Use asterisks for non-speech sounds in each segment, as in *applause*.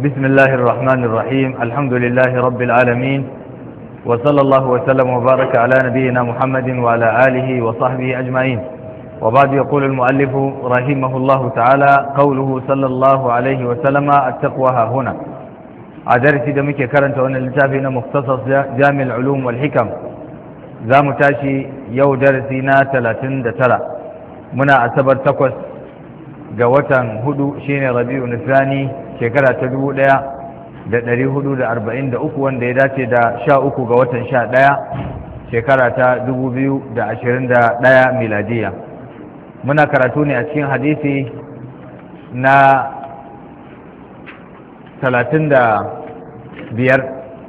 بسم الله الرحمن الرحيم الحمد لله رب العالمين وصلى الله وسلم وبارك على نبينا محمد وعلى آله وصحبه أجمعين وبعد يقول المؤلف رحمه الله تعالى قوله صلى الله عليه وسلم التقوى ها هنا أدرسي دمك كرنت وأن الكتابين مختصص جامع العلوم والحكم za mu tashi yau darasi na talatin da tara muna asabar takwas ga watan hudu shine rabi'u nisani shekara ta dubu ɗaya da ɗari hudu da arba'in da uku wanda ya dace da sha uku ga watan sha ɗaya shekara ta dubu biyu da ashirin da miladiya muna karatu ne a cikin hadisi na talatin da biyar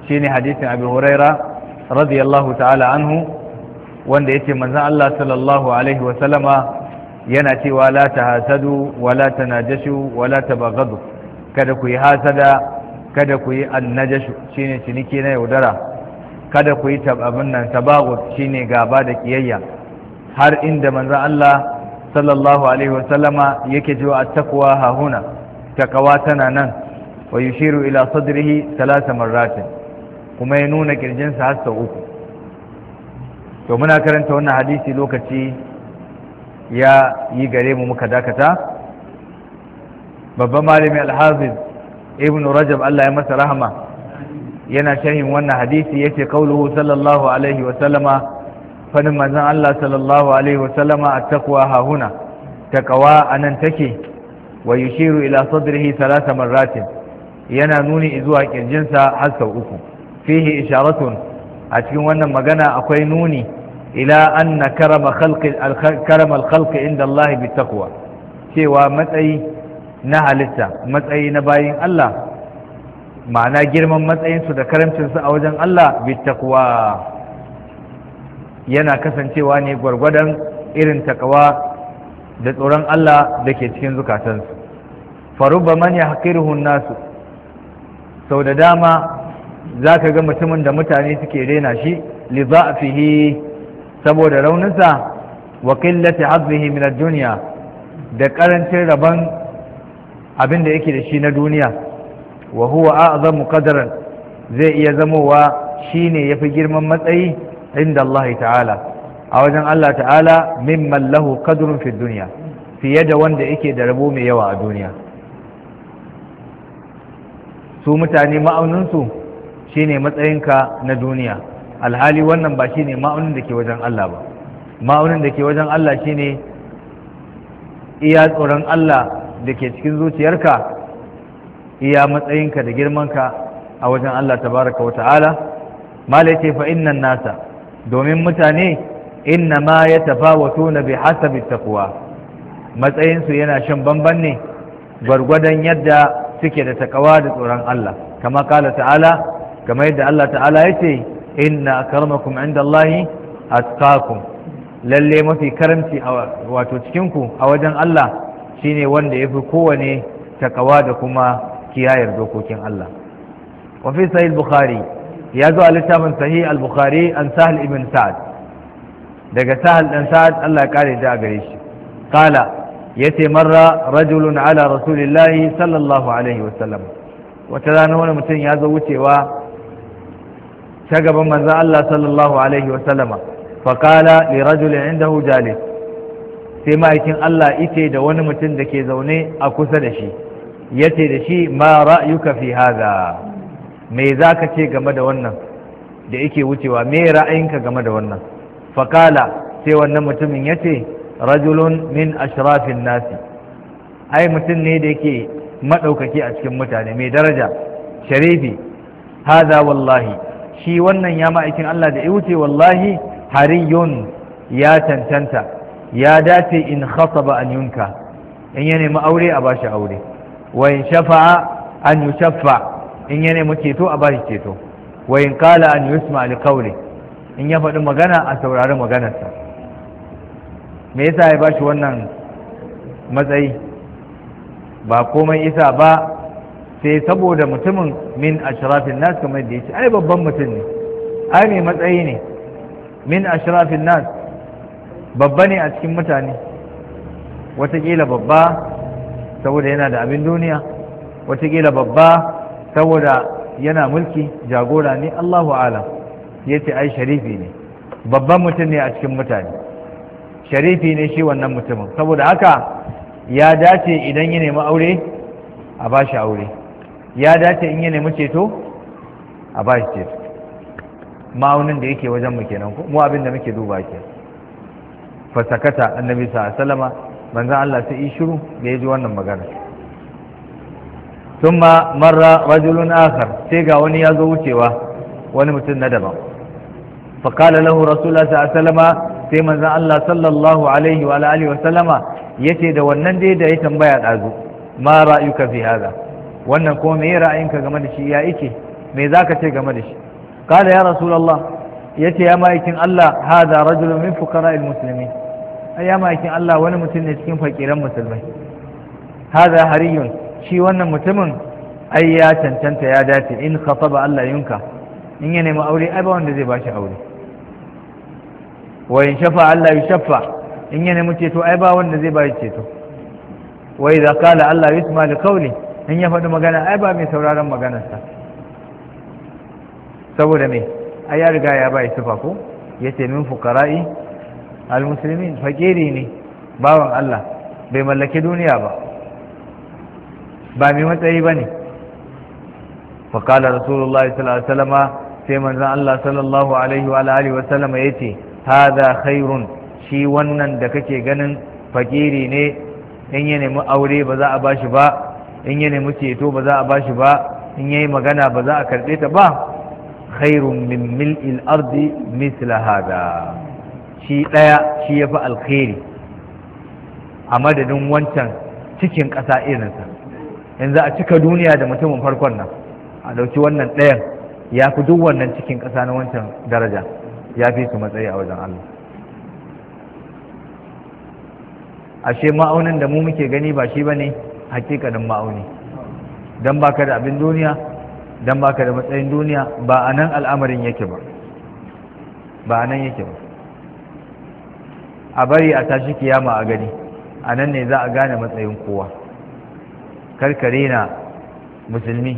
shine hadisin abu huraira radiyallahu ta'ala anhu wanda ya ce manzan Allah sallallahu alaihi wasallama yana cewa la ta hasadu wa la ta najashu wa la ta bagadu kada ku yi hasada kada ku yi annajashu shine ciniki na yaudara kada ku yi tababin nan tabagut shine gaba da kiyayya har inda manzon Allah sallallahu alaihi wasallama yake jiwa at-taqwa hahuna takawa tana nan wa yushiru ila sadrihi thalatha marrat kuma ya nuna kirjinsa har sau uku to muna karanta wannan hadisi lokaci ya yi gare mu muka dakata babban malami alhafiz ibn rajab Allah ya masa rahama yana sharhin wannan hadisi yace kauluhu sallallahu alaihi wa sallama fadin manzon Allah sallallahu alaihi wa sallama at-taqwa hahuna taqwa anan take wa yushiru ila sadrihi thalatha marratin yana nuni zuwa kirjinsa har sau uku fihi isharatun a cikin wannan magana akwai nuni ila anna karama khalqi al-karama al-khalqi inda Allah bi taqwa cewa matsayi na halitta matsayi na bayin Allah ma'ana girman matsayinsu da karamcinsu a wajen Allah bitakwa yana kasancewa ne gwargwadon irin takawa da tsoron Allah da ke cikin zukatansu faruba man ya haƙirhun nasu sau da dama za ka ga mutumin da mutane suke rena shi li za fihi saboda rauninsa wa qillati hazzihi min da ƙarancin rabon abin da yake da shi na duniya wa huwa a'zamu qadaran zai iya zamowa shine yafi girman matsayi inda Allah ta'ala a wajen Allah ta'ala mimman lahu qadrun fi dunya fiye da wanda yake da rabo mai yawa a duniya su mutane ma'auninsu shine matsayinka na duniya alhali wannan ba shine ma'aunin da ke wajen Allah ba ma'aunin da ke wajen Allah shine iya tsoron Allah da ke cikin zuciyarka iya matsayinka da girmanka a wajen Allah tabaraka wa ta'ala malai ce fa innan nasa domin mutane inna ma ya tafawatu na bi hasabi taqwa matsayinsu yana shan bamban ne gwargwadon yadda suke da takawa da tsoron Allah kama kala ta'ala yadda Allah ta'ala ya ce inna akramakum inda Allahi atqakum lalle mafi karamci wato cikinku a wajen Allah ne wanda ya fi kowane takawa da kuma kiyayar dokokin Allah wa fi sahih bukhari ya zo a littafin sahih al-bukhari an sahal ibn sa'ad daga sahal dan sa'ad Allah ya kare da gare shi qala yace marra rajulun ala rasulillahi sallallahu alaihi sallam!" wata rana wani mutum ya zo wucewa ta gaban manzon Allah sallallahu alaihi wasallama فقال لرجل عنده جالس sai ma'aikin Allah ite da wani mutum da ke zaune a kusa da shi ya ce da shi ma ra'ayuka fi haza me za ka ce game da wannan da yake wucewa me ra'ayinka game da wannan fakala sai wannan mutumin ya ce rajulun min ashrafin nasi ai mutum ne da yake maɗaukaki a cikin mutane mai daraja sharifi haza wallahi shi wannan ya ma'aikin Allah da ya wuce wallahi hariyun ya cancanta ya dace in khasaba an yunka in ya nemi aure a bashi aure wa in shafa'a an yushaffa in ya nemi ceto a bashi ceto wa in qala an yusma alqawli in ya faɗi magana a saurari maganarsa me yasa ya bashi wannan matsayi ba komai isa ba sai saboda mutumin min ashrafin nas kamar da ya ce ai babban mutum ne ai mai matsayi ne min ashrafin nas babba ne a cikin mutane watakila babba saboda yana da abin duniya watakila babba saboda yana mulki jagora ne Allahu alam ya ce ai sharifi ne babban mutum ne a cikin mutane sharifi ne shi wannan mutumin saboda haka ya dace idan ya nemi aure a ba shi aure ya dace in ya nemi ceto a ba shi ceto ma'aunin da yake wajen mu kenan mu abin da muke duba kenan fasakata annabi sa salama, manzan Allah sai yi shiru da ya ji wannan magana thumma marra rajulun akhar sai ga wani ya zo wucewa wani mutum na daban fa qala lahu rasulullah sallallahu salama sai manzan Allah sallallahu alaihi wa alihi wa sallama yace da wannan dai da ya tambaya dazu ma ra'ayuka fi hada wannan kuma me ra'ayinka game da shi ya yake me zaka ce game da shi qala ya rasulullah yace ya ma'aikin Allah hada rajulun min fuqara'il muslimin ya makin Allah wani mutum ne cikin fakiran musulmai haza hariyun shi wannan mutumin ai ya cancanta ya dace in khataba Allah yunka in ya nemi aure ai ba wanda zai bashi aure wa in shafa Allah ya shafa in ya nemi ceto ai ba wanda zai bashi ceto wa idza qala Allah yusma li qawli in ya faɗi magana ai ba mai sauraron maganarsa saboda me ai ya riga ya bai sifa ko yace min fuqara'i Almusulmin fakiri ne bawan Allah bai mallaki duniya ba ba mai matsayi ba ne faƙala rasulullah sallallahu sai manzan Allah sallallahu alaihi wa alihi wasallama ya ce haza khairun shi wannan da kake ganin fakiri ne in ya nemi aure ba za a bashi ba in ya nemi ceto ba za a bashi ba in ya yi magana ba za a karɓe ta ba khairun min mil'il ardi misla hada shi ɗaya shi ya fi alkhairi a madadin wancan cikin ƙasa irinsa yanzu a cika duniya da mutumin farkon nan a ɗauki wannan ɗayan ya fi duk wannan cikin ƙasa na wancan daraja ya fi su matsayi a wajen Allah ashe ma'aunin da mu muke gani ba shi ba ne hakikalin ma'auni don ba ka da abin duniya don ba ka da matsayin duniya ba a nan al'amarin yake ba ba a nan yake ba a bari a tashi kiyama a gani a nan ne za a gane matsayin kowa karkare na musulmi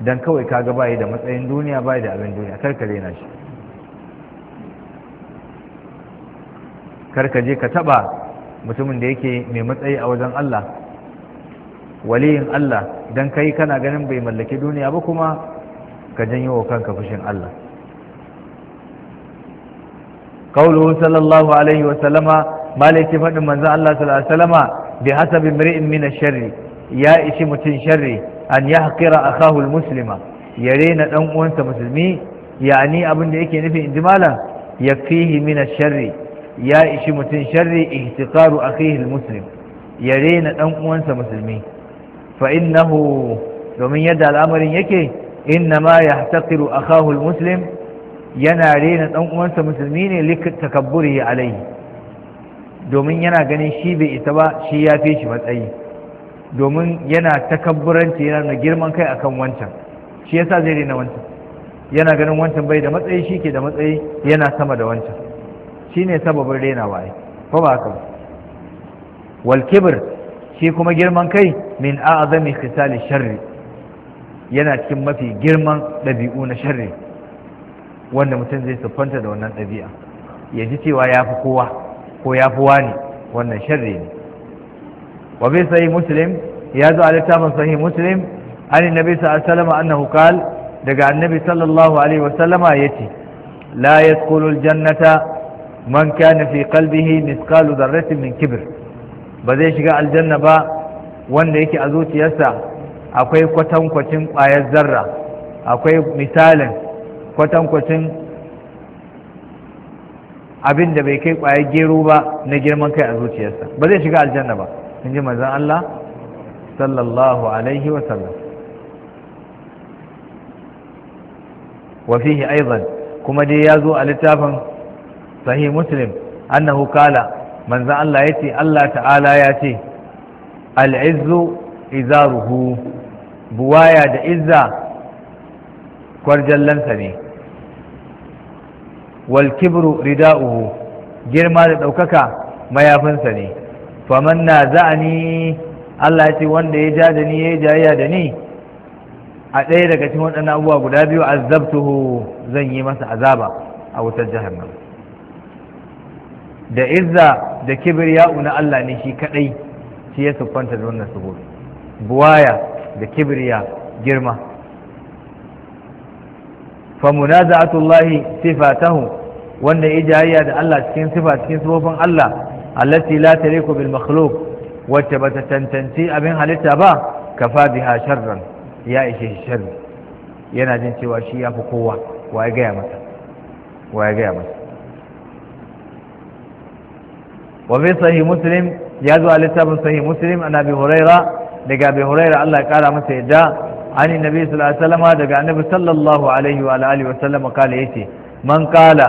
don kawai kaga bayi da matsayin duniya bayi da abin duniya karkare na shi karkaje ka taba mutumin da yake mai matsayi a wajen Allah waliyin Allah don kai kana ganin bai mallaki duniya ba kuma ka janyo wa kanka fushin Allah qawluhu sallallahu alaihi wa sallama malaki fadin manzo Allah sallallahu alaihi wa sallama bi hasabi mri'in min ash-sharri ya ishi mutun sharri an yahqira akahu al-muslima ya rena dan uwansa musulmi yani abin da yake nufi inji malam yakfihi min ash-sharri ya ishi mutun sharri ihtiqaru akhihi al-muslim ya rena dan uwansa musulmi fa innahu domin yadda al'amarin yake inna ma yahtaqiru muslim yana rena ɗan uwansa musulmi ne takabburi alai domin yana ganin shi bai isa ba shi ya fi shi matsayi domin yana takabburanci yana da girman kai akan wancan shi yasa zai rena wancan yana ganin wancan bai da matsayi shi ke da matsayi yana sama da wancan shi ne sababin rena waye ko ba haka wal kibir shi kuma girman kai min a'azami khisali sharri yana cikin mafi girman ɗabi'u na sharri wanda mutum zai siffanta da wannan ɗabi'a ya ji cewa ya fi kowa ko ya fi wani wannan sharri ne wa bi sahi muslim ya zo a littafin sahi muslim an nabi sallallahu alaihi annahu qal daga annabi sallallahu alaihi wasallama yace la yadkhulul jannata man kana fi qalbihi miskalu dharratin min kibr ba zai shiga aljanna ba wanda yake a zuciyarsa akwai kwatankwacin ƙwayar zarra akwai misalin kwatankwacin abin da bai kai kwayar gero ba na girman kai a zuciyarsa ba zai shiga aljanna ba in ji manzon Allah sallallahu alaihi wa sallam wa kuma dai ya zo a littafin sahih muslim annahu kala manzon Allah yace Allah ta'ala ya ce al izaruhu buwaya da izza kwarjallansa ne WalKibru kibru rida'uhu girma da ɗaukaka mayafinsa ne faman na za'ani Allah ya ce wanda ya ja da ni ya jayya da ni a ɗaya daga cikin waɗannan abubuwa guda biyu azabtuhu zan yi masa azaba a wutar jahannam da izza da kibriya'u na Allah ne shi kaɗai shi ya siffanta da wannan buwaya da kibriya girma fa munaza'atullahi sifatahu wanda ya jayayya da Allah cikin sifa cikin sifofin Allah allati la tariku bil makhluq wacce ba ta tantance abin halitta ba kafa biha sharran ya ishe sharri yana jin cewa shi ya fi kowa wa ya gaya mata wa ya gaya mata wa fi sahih muslim ya zo a littafin sahih muslim an abi huraira daga abi huraira Allah ya kara masa yadda عن النبي صلى الله عليه وسلم دغا النبي صلى الله عليه وعلى اله وسلم قال يتي من قال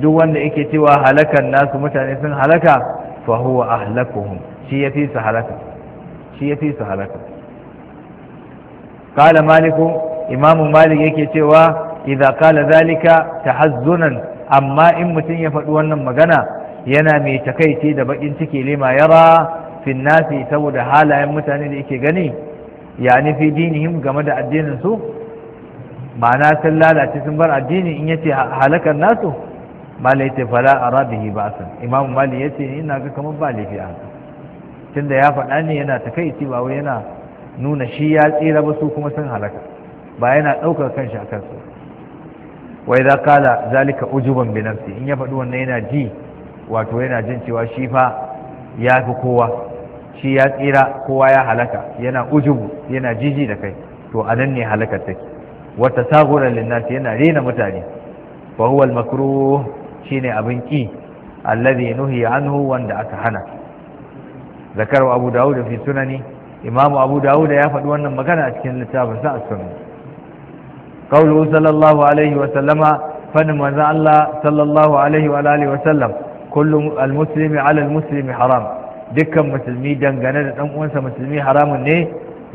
duk wanda yake cewa halakan nasu mutane sun halaka fa huwa ahlakuhum shi yafi su halaka shi yafi su halaka qala maliku imamu malik yake cewa idza qala zalika tahazzunan amma in mutum ya faɗi wannan magana yana mai takaici da bakin ciki lima yara fi saboda halayen mutane da yake gani ya nufi dinihim game da addinin su ma'ana sun lalace sun bar addini in yace halakar nasu malai yace fala a rabihi ba san imamu mali yace ina ga kamar ba laifi a tunda ya faɗa ne yana takaici ba wai yana nuna shi ya tsira ba su kuma sun halaka ba yana ɗaukar kanshi a kansu wai za kala zalika ujuban bi in ya faɗi wannan yana ji wato yana jin cewa shi fa ya fi kowa shi ya tsira kowa ya halaka yana ujubu yana jiji da kai to a nan ne halakar take wata saguran Linnati yana rena mutane wa huwa al-makruh shine abin ki alladhi nuhi anhu wanda aka hana zakaru abu dawud fi sunani imam abu dawud ya faɗi wannan magana a cikin littafin sa as-sunan qawluhu sallallahu alaihi wa sallama fadin manzo Allah sallallahu alaihi wa alihi wa sallam kullu al-muslimi ala al-muslimi haram dukkan musulmi dangane da dan uwansa musulmi haramun ne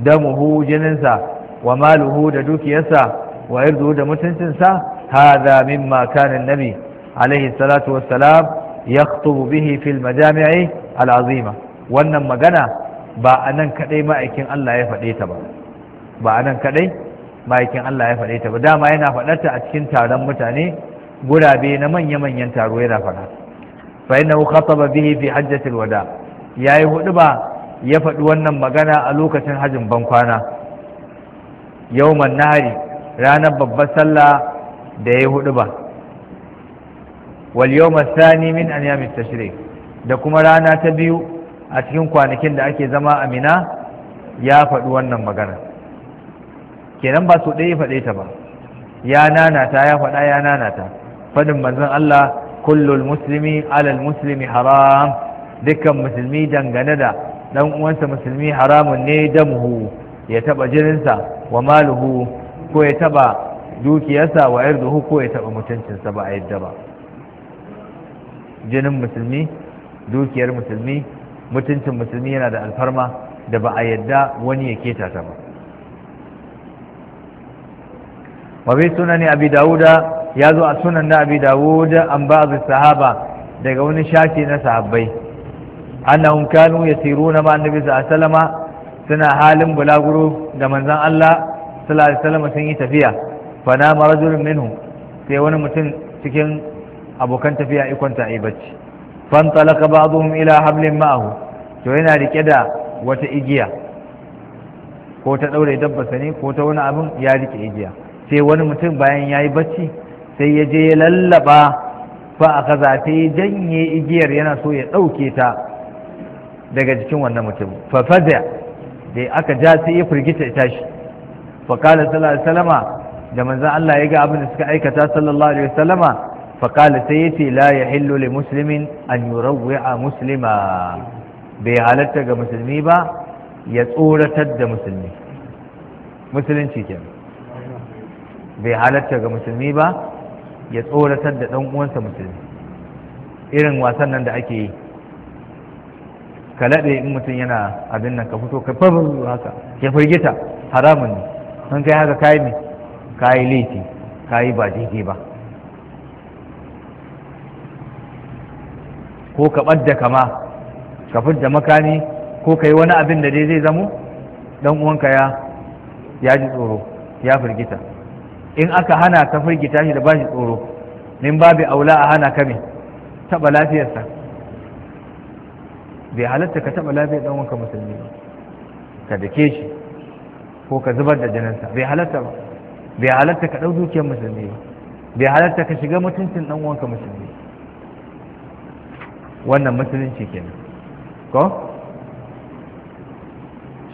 damuhu jininsa wa maluhu da dukiyarsa wa irduhu da mutuncinsa hadha mimma kana annabi alaihi salatu wassalam yakhtubu bihi fil majami'i al'azima wannan magana ba anan kadai ma'aikin Allah ya faɗe ta ba ba anan kadai ma'aikin Allah ya faɗe ta ba dama yana faɗarta a cikin taron mutane gurabe na manya-manyan taro yana faɗa fa innahu khataba bihi fi hajjatil wada' ya yi hudu ba ya faɗi wannan magana a lokacin hajjin bankwana yawman nahari ranar babbar sallah da ya yi hudu ba wal yawman sani min an yamin tashrik da kuma rana ta biyu a cikin kwanakin da ake zama a mina ya faɗi wannan magana kenan ba su ɗaya faɗe ta ba ya nanata ya faɗa ya nanata faɗin manzon Allah kullul muslimi alal muslimi haram dukkan musulmi dangane da dan uwansa musulmi haramun ne damhu ya taba jininsa wa maluhu ko ya taba dukiyarsa wa irduhu ko ya taba mutuncinsa ba a yadda ba jinin musulmi dukiyar musulmi mutuncin musulmi yana da alfarma da ba a yadda wani ya keta ta ba wabi suna sunani abi dawuda ya zo a sunan na abi dawuda an ba'd sahaba daga wani shafi na sahabbai annahum kanu yasiruna ma annabi sallama suna halin bulaguro da manzon Allah sallallahu alaihi wasallam sun yi tafiya fa na marajul minhu sai wani mutum cikin abokan tafiya ikonta kwanta ai bacci fan talaka ba'dhum ila hablin ma'ahu to yana rike da wata igiya ko ta daure dabba sani ko ta wani abin ya rike igiya sai wani mutum bayan yayi bacci sai ya je ya lallaba fa aka zafe janye igiyar yana so ya dauke ta daga jikin wannan mutum fa da aka ja sai ya firgita ita shi fa kala sallallahu alaihi wasallama da manzon Allah ya ga abin da suka aikata sallallahu alaihi wasallama fa kala sai yace la yahillu li muslimin an yurawwi'a muslima bai halatta ga musulmi ba ya tsoratar da musulmi musulunci kenan bai halatta ga musulmi ba ya tsoratar da ɗan uwansa musulmi irin wasan nan da ake yi ka laɗe in mutum yana abin nan ka fito ka fafin haka ya firgita haramun ne sun kai haka kayi ne kayi laifi kayi ba daidai ba ko ka ɓadda kama ka fidda makami ko ka yi wani abin da dai zai zamo dan uwanka ya ya ji tsoro ya firgita in aka hana ka firgita shi da ba shi tsoro min babu aula a hana ka me taɓa lafiyarsa bai halatta ka taɓa lafiyar ɗan wanka musulmi ba ka dake shi ko ka zubar da jininsa bai halatta ba bai halatta ka ɗau dukiyar musulmi ba bai halatta ka shiga mutuncin ɗan wanka musulmi wannan musulunci kenan ko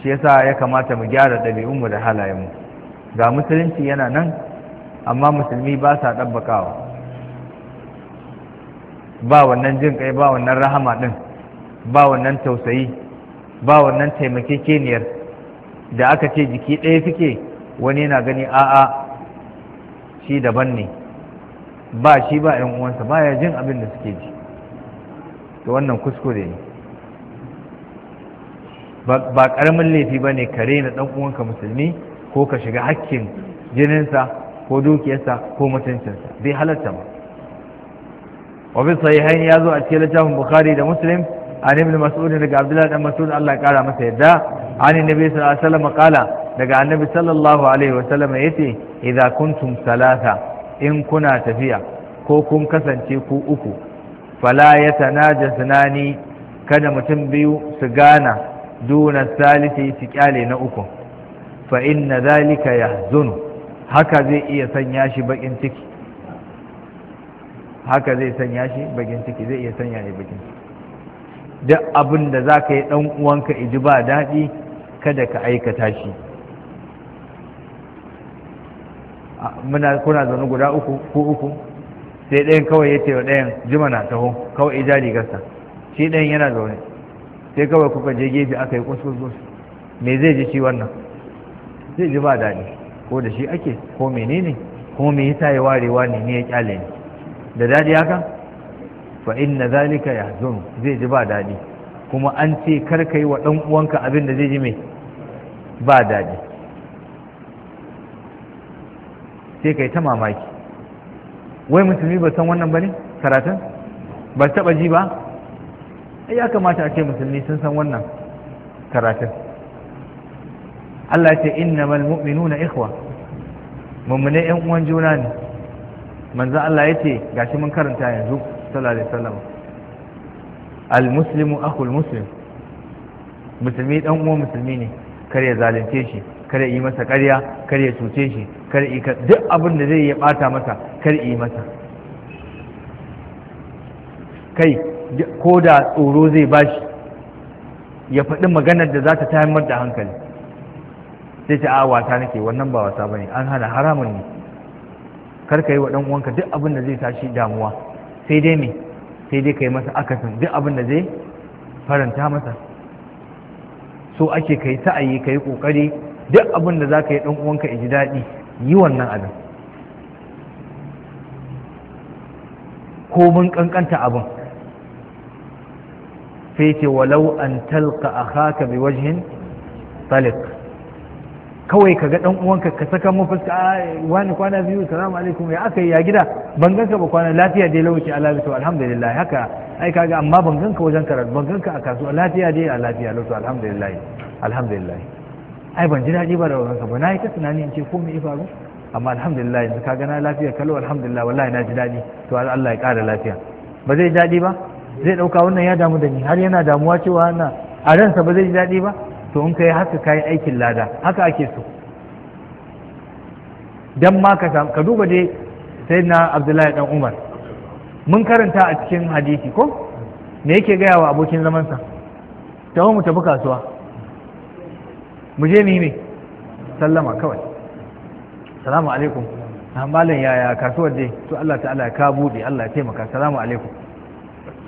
shi yasa ya kamata mu gyara ɗabi'unmu da halayenmu ga musulunci yana nan amma musulmi ba sa ɗabbakawa ba wannan jin kai ba wannan rahama ɗin ba wannan tausayi ba wannan taimakekeniyar da aka ce jiki ɗaya suke wani yana gani a'a shi daban ne ba shi ba yan uwansa ba ya jin abin da suke ji to wannan kuskure ne ba ƙaramin laifi ba ne kare na ɗan uwanka musulmi ko ka shiga hakkin jininsa ko dukiyarsa ko mutuncinsa bai halatta ba wabin sahihain ya zo a cikin littafin bukhari da muslim an ibn mas'ud daga abdullahi dan mas'ud Allah ya masa yadda an annabi sallallahu alaihi wasallam kala daga annabi sallallahu alaihi wasallam yace idza kuntum salasa in kuna tafiya ko kun kasance ku uku fala ya yatanajasnani kada mutum biyu su gana duna salisi su kyale na uku fa inna zalika yahzunu haka zai sanya shi bakin ciki duk abin da za ka yi ɗan uwanka iji ba daɗi kada ka aikata shi muna kuna zaune guda uku ko uku sai ɗayan kawai ya ce wa ɗayan jima na taho kawai ija rigarsa shi ɗayan yana zaune sai kawai kuka je gefe aka yi kuskus me zai ji shi wannan zai ji ba daɗi ko da shi ake ko menene ko me yasa ya warewa ne ne ya kyale ne da daɗi haka fa inna zalika yahzun zai ji ba daɗi kuma an ce kar kai wa dan uwanka abin da zai ji mai ba daɗi sai kai ta mamaki wai musulmi ba san wannan ba ne karatun ba taɓa ji ba ya kamata a ce musulmi sun san wannan karatun Allah ce innamal mu'minuna ikhwa mu'minai yan uwan juna ne manzo Allah ya ce gashi mun karanta yanzu sallallahu alaihi wasallam almuslimu akhul muslim musulmi dan uwa musulmi ne kar ya zalunce shi kar ya yi masa ƙarya kar ya cuce shi kar yi duk abin da zai yi bata masa kar yi masa kai ko da tsoro zai bashi ya faɗi maganar da za ta tayar da hankali sai ta a wasa nake wannan ba wasa bane an hana haramun ne kar ka yi wa ɗan uwanka duk abin da zai tashi damuwa sai dai mai sai dai kai masa akasin duk abin da zai faranta masa so ake kai sa'ayi yi kokari duk abin da za ka yi ɗan ya ji daɗi yi wannan abin ko mun kankanta abin sai ce walau an talka a haka bi wajen talik kawai ka ga dan uwanka ka saka mu fuska wani kwana biyu salamu alaikum ya aka yi ya gida ban ganka ba kwana lafiya dai lauki a lafiya alhamdulillah haka ai kaga amma ban ganka wajen karatu ban ganka a kasuwa lafiya dai a lafiya lauki alhamdulillah alhamdulillah ai ban ji daɗi ba da wajen ba na yi ta tunani in ce ko me ya faru amma alhamdulillah yanzu ka gana lafiya kalau alhamdulillah wallahi na ji daɗi to Allah ya ƙara lafiya ba zai daɗi ba zai ɗauka wannan ya damu da ni har yana damuwa cewa na a ransa ba zai ji daɗi ba to in kai haka kayi aikin lada haka ake so dan ma ka ka duba dai sai na abdullahi dan umar mun karanta a cikin hadisi ko me yake gaya wa abokin zamansa ta mu tafi kasuwa mu je ni ne sallama kawai salamu alaikum malam yaya kasuwar dai to Allah ta'ala ka bude Allah ya taimaka salamu alaikum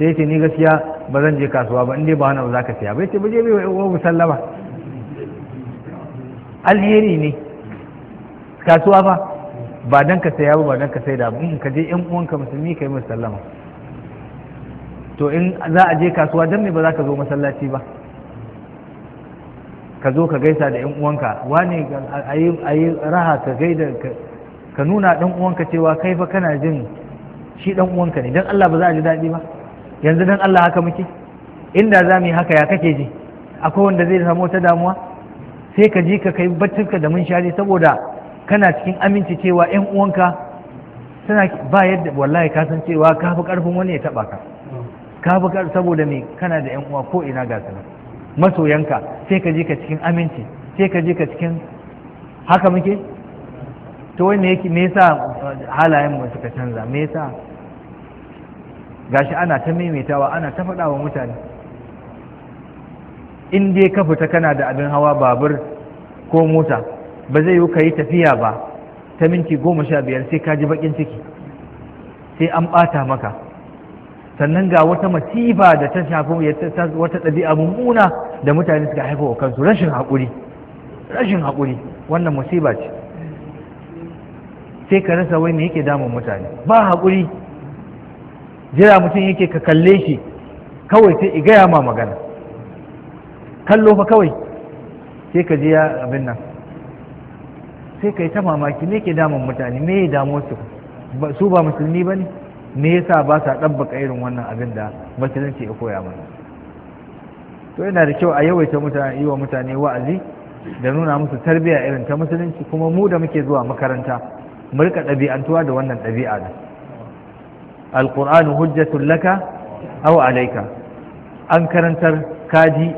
sai ya ce ni gaskiya ba zan je kasuwa ba inda ba wani ba za ka siya ba ya ce ba je bai wa sallama alheri ne kasuwa ba, ba dan ka saya ba ba dan ka sai da in ka je yan uwanka musulmi kai musu sallama to in za a je kasuwa dan me ba za ka zo masallaci ba ka zo ka gaisa da yan uwanka wane a yi raha ka gaida ka nuna dan uwanka cewa kai fa kana jin shi dan uwanka ne dan Allah ba za a ji daɗi ba yanzu dan Allah haka muke inda za mu yi haka ya kake ji akwai wanda zai samu wata damuwa sai ka ji ka kai baccinka da mun share saboda kana cikin aminci cewa yan uwanka suna ba yadda wallahi ka san cewa ka fi karfin wani ya taba ka ka fi karfin saboda me kana da yan uwa ko ina ga su masoyanka sai ka ji ka cikin aminci sai ka ji ka cikin haka muke to wani yake me yasa halayen mu suka canza me yasa gashi ana ta maimaitawa ana ta faɗa wa mutane in dai ka fita kana da abin hawa babur ko mota ba zai yi ka yi tafiya ba ta minti goma sha biyar sai ka ji baƙin ciki sai an ɓata maka sannan ga wata masifa da ta shafi wata ɗabi'a mummuna da mutane suka haifa wa kansu rashin haƙuri rashin haƙuri wannan musiba ce sai ka rasa wai me yake damun mutane ba haƙuri jira mutum yake ka kalle shi kawai sai i gaya ma magana kallo fa kawai sai ka je ya abin nan sai ka yi ta mamaki me ke damun mutane me ya damu su su ba musulmi ba ne me ya sa ba sa ɗabbaka irin wannan abin da musulunci ya koya mana to yana da kyau a yawaita mutane yi wa mutane wa'azi da nuna musu tarbiyya irin ta musulunci kuma mu da muke zuwa makaranta mu rika ɗabi'antuwa da wannan ɗabi'a da alqur'anu hujjatul laka aw alayka an karantar kaji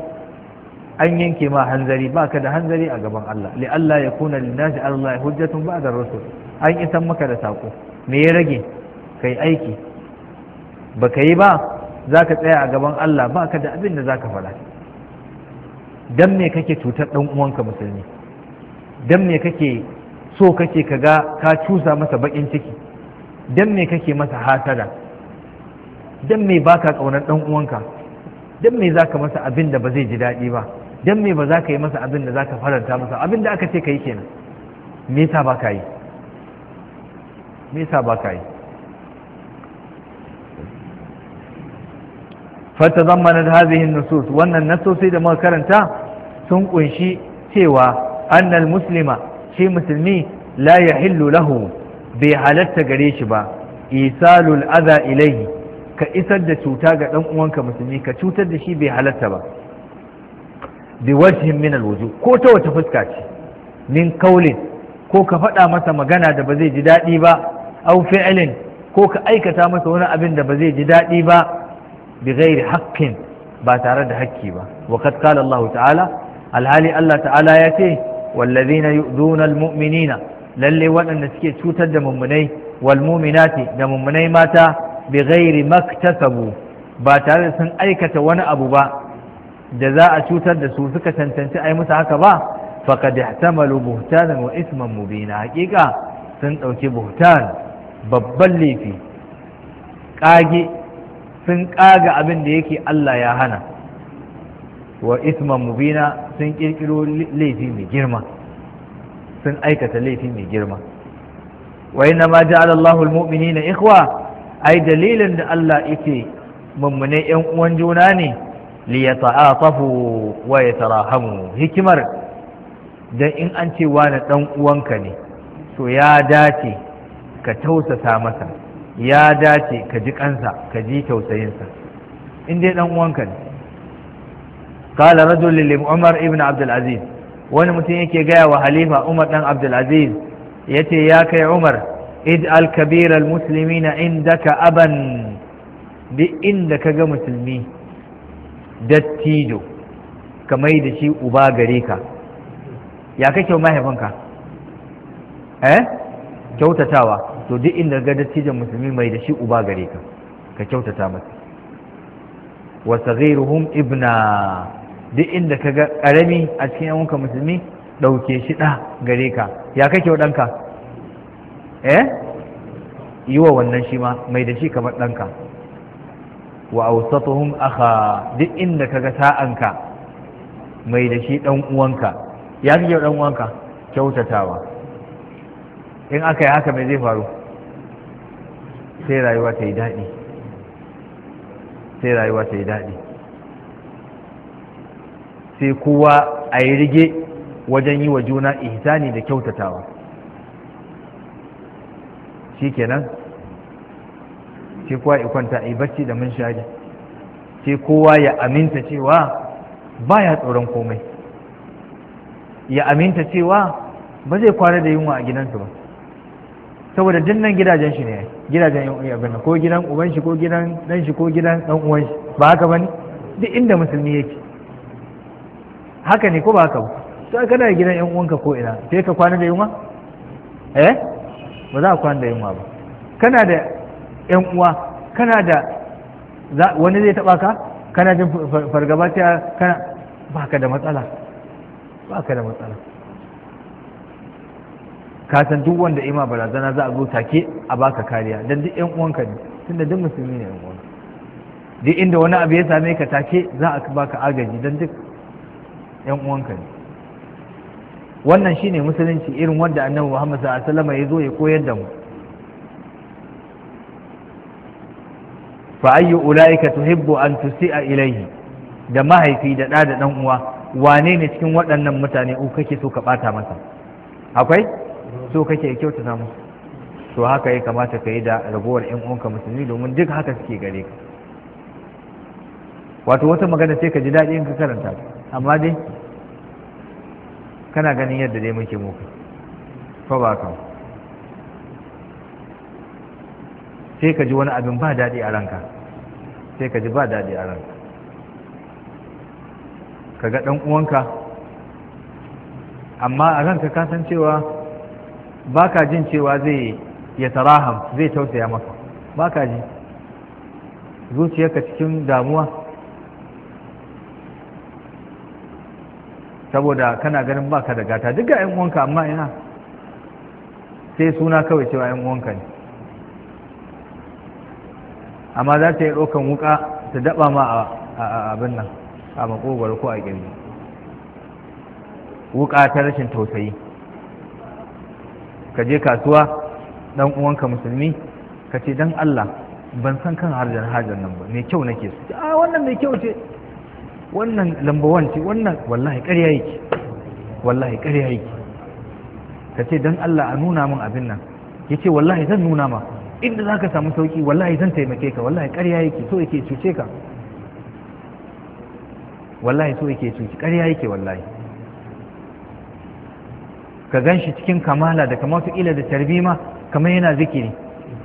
an yanke ma hanzari baka da hanzari a gaban Allah li Allah ya kuna linnasi Allah hujjatun ba'da rusul an isan maka da sako me ya rage kai aiki baka yi ba zaka tsaya a gaban Allah zaka faɗa dan me kake cutar ɗan uwanka musulmi dan me kake so kake kaga ka cusa masa baƙin ciki dan me kake masa hasada dan me baka kaunar dan uwanka dan me zaka masa abin da ba zai ji daɗi ba dan me ba zaka yi masa abin da zaka faranta masa abin da aka ce kai kenan me yasa ba ka yi me yasa ba ka yi fata zammanar hazihin nusus wannan nasosi da muka karanta sun kunshi cewa annal muslima shi musulmi la yahillu lahu bai halatta gare shi ba isalul adha ilaihi ka isar da cuta ga dan uwanka musulmi ka cutar da shi bai halatta ba bi wajhin min alwujuh ko ta wata fuska ce min kaulin ko ka faɗa masa magana da ba zai ji daɗi ba au fi'lin ko ka aikata masa wani abin da ba zai ji daɗi ba bi ghairi haqqin ba tare da hakki ba wa kad qala Allah ta'ala alhali Allah ta'ala ya ce wallazina yu'duna almu'minina lalle waɗanda suke cutar da mummunai walmuminati da mummunai mata bi ghairi maktasabu ba tare da sun aikata wani abu ba da za a cutar da su suka cancanci ai musu haka ba faqad ihtamalu buhtanan wa isman mubina haƙiƙa sun ɗauki buhtan babban laifi ƙage sun ƙaga abin da yake Allah ya hana wa isman mubina sun ƙirƙiro laifi mai girma sun aikata laifi mai girma wa inna ma ja'ala Allahul mu'minina ikhwa ai dalilin da Allah yake mummune yan uwan juna ne li yata'atafu wa yatarahamu hikimar dan in an ce wani dan uwanka ne to ya dace ka tausasa masa ya dace ka ji kansa ka ji tausayinsa in dai dan uwanka ne قال رجل لعمر ابن عبد العزيز wani mutum yake gaya wa halifa umar dan abdulaziz ya ce ya kai umar id al musulmi na inda ka aban duk inda ka ga musulmi dattijo ka mai da shi uba gare ka ya kake mahaifinka eh kyautatawa to duk inda ga dattijon musulmi mai da shi uba gare ka ka kyautata masa wa saghiruhum ibna duk inda ka ga ƙarami a cikin yankunka musulmi ɗauke shi ɗa gare ka ya kake wa ɗanka eh yi wa wannan shi ma mai da shi kamar ɗanka wa awsatuhum akha duk inda ka ga sa'anka mai da shi ɗan uwanka ya kake wa ɗan uwanka kyautatawa in aka yi haka mai zai faru sai rayuwa ta yi daɗi sai rayuwa ta yi daɗi sai kowa a yi rige wajen yi wa juna ihsani da kyautatawa shi kenan sai kowa ya kwanta a yi bacci da mun shaji sai kowa ya aminta cewa ba ya tsoron komai ya aminta cewa ba zai kwana da yunwa a gidansu ba saboda dinnan gidajen shi ne gidajen yan uwa ko gidan uban shi ko gidan dan shi ko gidan dan uwan shi ba haka bane duk inda musulmi yake haka ne ko ba haka ba to kana da gidan yan uwanka ko ina sai ka kwana da yunwa eh ba za ka kwana da yunwa ba kana da yan uwa kana da wani zai taba ka kana jin fargaba ta kana ba ka da matsala ba ka da matsala ka san duk wanda ima barazana za a zo take a baka kariya dan duk yan uwanka ne tunda duk musulmi ne yan uwa, duk inda wani abu ya same ka take za a baka agaji dan duk yan uwanka ne wannan shine musulunci irin wanda annabi Muhammad sallallahu alaihi wasallam ya zo ya koyar da mu fa ayyu ulaika tuhibbu an tusi'a ilayhi da mahaifi da ɗa da ɗan uwa wane ne cikin waɗannan mutane uku kake so ka ɓata masa akwai so kake kyautata musu to haka ya kamata ka yi da ragowar yan uwanka musulmi domin duk haka suke gare ka wato wata magana sai ka ji daɗi ka karanta ta amma dai kana ganin yadda dai muke muku fa ba ka sai ka ji wani abin ba daɗi a ranka sai ka ji ba daɗi a ranka ka ga ɗan uwanka amma a ranka ka san cewa ba ka jin cewa zai ya taraham zai tausaya maka ba ka ji zuciyarka cikin damuwa saboda kana ganin baka da gata duk ga 'yan uwanka amma ina sai suna kawai cewa 'yan uwanka ne amma za ta yi ɗaukan wuka ta daɓa ma a abin nan a makogar ko a girgi wuka ta rashin tausayi ka je kasuwa ɗan uwanka musulmi ka ce don allah ban san kan harjar hajar nan ba mai kyau nake su a ah, wannan mai kyau ce wannan lambawan ce wannan wallahi ƙarya yake wallahi ƙarya yake ka ce don Allah a nuna min abin nan ya ce wallahi zan nuna ma inda za ka samu sauki wallahi zan taimake ka wallahi ƙarya yake so yake cuce ka wallahi so yake cuce ƙarya yake wallahi ka gan shi cikin kamala da kamar ila da tarbi ma kamar yana zikiri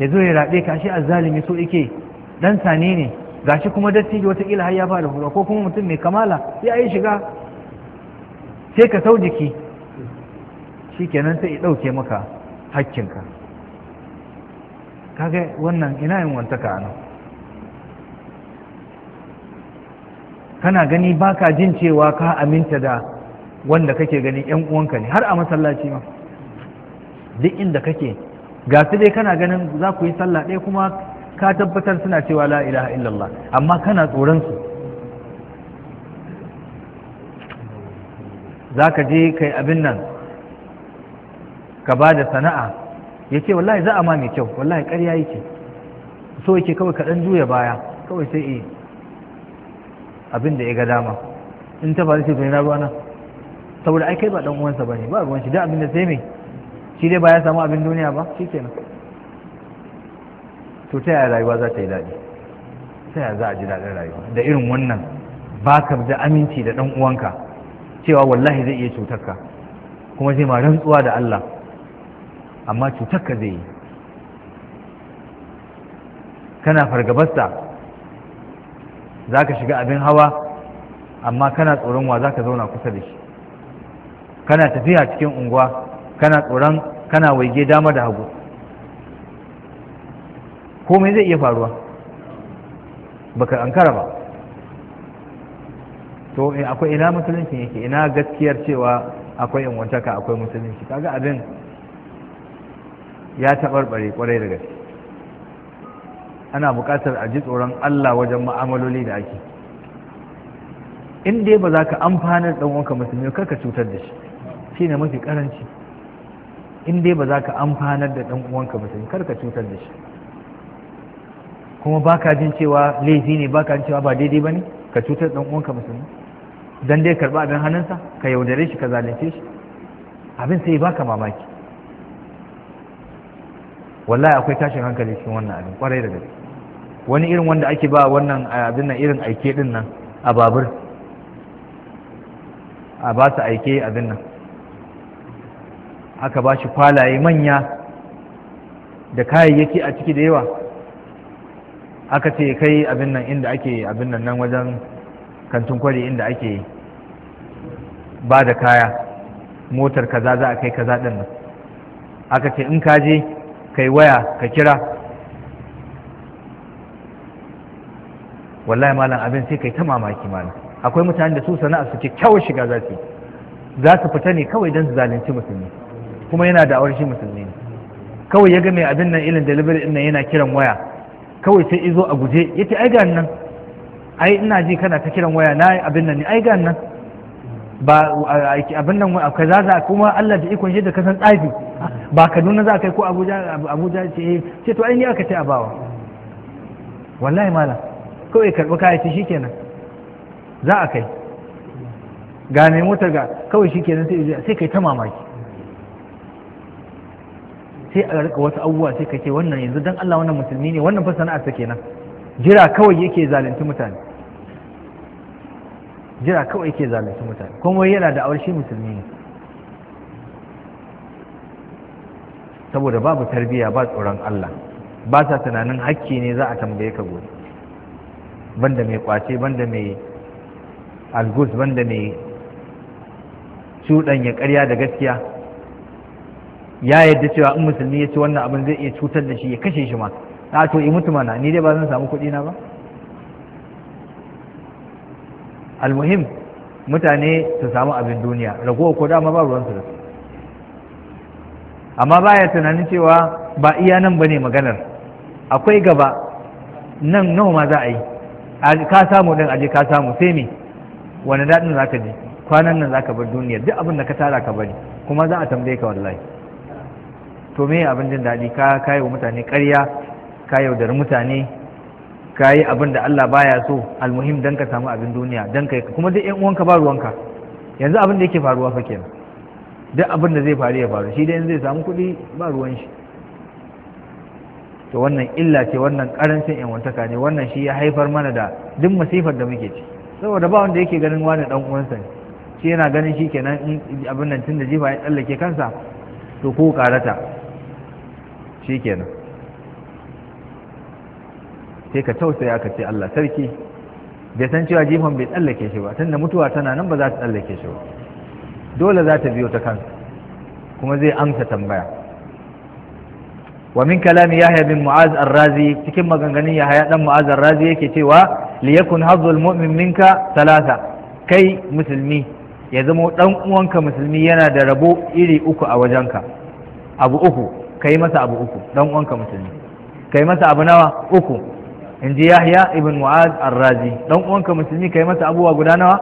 ya zo ya raɗe ka shi azzalimi so yake dan sane ne gashi kuma dattijo watakila har ya fara hura ko kuma mutum mai kamala ya yi shiga sai ka sau jiki kenan sai ya ɗauke maka hakkinka kaga wannan ina yin wantaka nan kana gani baka jin cewa ka aminta da wanda kake gani yan uwanka ne har a masallaci ma duk inda kake ga su dai kana ganin za ku yi sallah ɗaya kuma ka tabbatar suna cewa la ilaha illallah amma kana tsoron su za ka je kai abin nan ka ba da sana'a ya ce wallahi za a ma mai kyau wallahi ƙarya yake so yake kawai kaɗan juya baya kawai sai e abin da ya ga dama in ta faru ce to na ruwana saboda ai kai ba ɗan uwansa ba ne ba ruwan shi da abin da sai mai shi dai ba ya samu abin duniya ba shi kenan to ta yaya rayuwa za ta yi daɗi ta yaya za a ji daɗin rayuwa da irin wannan ba ka da aminci da ɗan uwanka cewa wallahi zai iya cutar ka kuma zai ma rantsuwa da Allah amma cutar zai yi kana fargabarsa za ka shiga abin hawa amma kana tsoron wa za ka zauna kusa da shi kana tafiya cikin unguwa kana tsoron kana waige dama da hagu komai zai iya faruwa baka ankara ba to eh, akwai ina musulunci yake ina gaskiyar cewa akwai yanwantaka akwai musulunci kaga abin ya taɓarɓare kwarai da gaske ana buƙatar a ji tsoron Allah wajen ma'amaloli da ake in dai ba za ka amfanar ɗan musulmi kar ka cutar da shi shi ne mafi ƙaranci in dai ba za ka amfanar da ɗan uwanka musulmi kar ka cutar da shi kuma baka jin cewa laifi ne baka jin cewa ba daidai ba ne ka cutar ɗan uwanka musulmi dan dai karɓa abin hannunsa ka yaudare shi ka zalunce shi abin sai baka mamaki wallahi akwai tashin hankali cikin wannan abin kwarai da gaske wani irin wanda ake ba wannan abin nan irin aike din nan a babur a ba su aike abin nan aka ba shi kwalaye manya da kayayyaki a ciki da yawa aka ce kai abin nan inda ake abin nan nan wajen kantin kwari inda ake ba da kaya motar kaza za a kai kaza din nan aka ce in ka je kai waya ka kira wallahi malam abin sai kai ta mamaki malam akwai mutane da su sana'a su kyakkyawar shiga za su za su fita ne kawai don su zalunci musulmi kuma yana da shi musulmi kawai ya ga mai abin nan ilin delivery din nan yana kiran waya kawai sai izo a guje yace ai ga nan ai ina ji kana ta kiran waya na abin nan ne ai ga nan ba abin nan akwai zaza kuma Allah da ikon shi da kasan tsafi ba Kaduna za kai ko Abuja Abuja ce eh. ce to ai ni aka ce a bawa wallahi mala kawai karbi kai ce shikenan za a kai ga motar ga kawai shikenan sai sai kai ta mamaki sai a rika wasu abubuwa sai ka ce wannan yanzu dan Allah wannan musulmi ne wannan fa sana'ar sa kenan jira kawai yake zalunci mutane jira kawai yake zalunci mutane kuma yana da aure shi musulmi ne saboda babu tarbiya ba tsoron Allah ba sa tunanin hakki ne za a tambaye ka gobe banda mai kwace banda mai algus banda mai cuɗanya ƙarya da gaskiya ya yadda cewa in musulmi ya ci wannan abin zai iya cutar da shi ya kashe shi ma na to yi eh, mutu mana ni dai ba zan samu kuɗi na ba almuhim mutane su samu abin duniya ragowa ko dama ba su da su amma baya tunanin cewa ba iya nan ba ne maganar akwai gaba nan nawa ma za a yi ka samu ɗin aje ka samu sai me wani daɗin za ka je kwanan nan za ka bar duniya duk abin da ka tara ka bari kuma za a tambaye ka wallahi to me abin jin daɗi ka kayi wa mutane ƙarya ka yaudari mutane ka yi abin da Allah baya so almuhim dan ka samu abin duniya dan ka kuma duk yan uwanka ba ruwanka yanzu abin da yake faruwa fa kenan duk abin da zai faru ya faru shi dai zai samu kuɗi ba ruwan shi to wannan illa ce wannan karancin yan wantaka ne wannan shi ya haifar mana da duk masifar da muke ci saboda ba wanda yake ganin wani dan uwansa ne shi yana ganin shi kenan abin nan tun da jifa ya tsallake kansa to ko karata shi kenan sai ka tausaya ka ce Allah sarki bai san cewa jifan bai tsallake shi ba tunda mutuwa tana nan ba za ta tsallake shi ba dole za ta biyo ta kansa kuma zai amsa tambaya wa min kalami yahya bin mu'az ar-razi cikin maganganun yahya dan mu'az ar-razi yake cewa li yakun hazzul mu'min minka talata kai musulmi ya zama dan uwanka musulmi yana da rabo iri uku a wajenka abu uku Ka yi masa abu uku dan uwanka musulmi yi masa abu nawa uku in ji yahya ibn mu'az ar-razi dan uwanka musulmi yi masa abubuwa guda nawa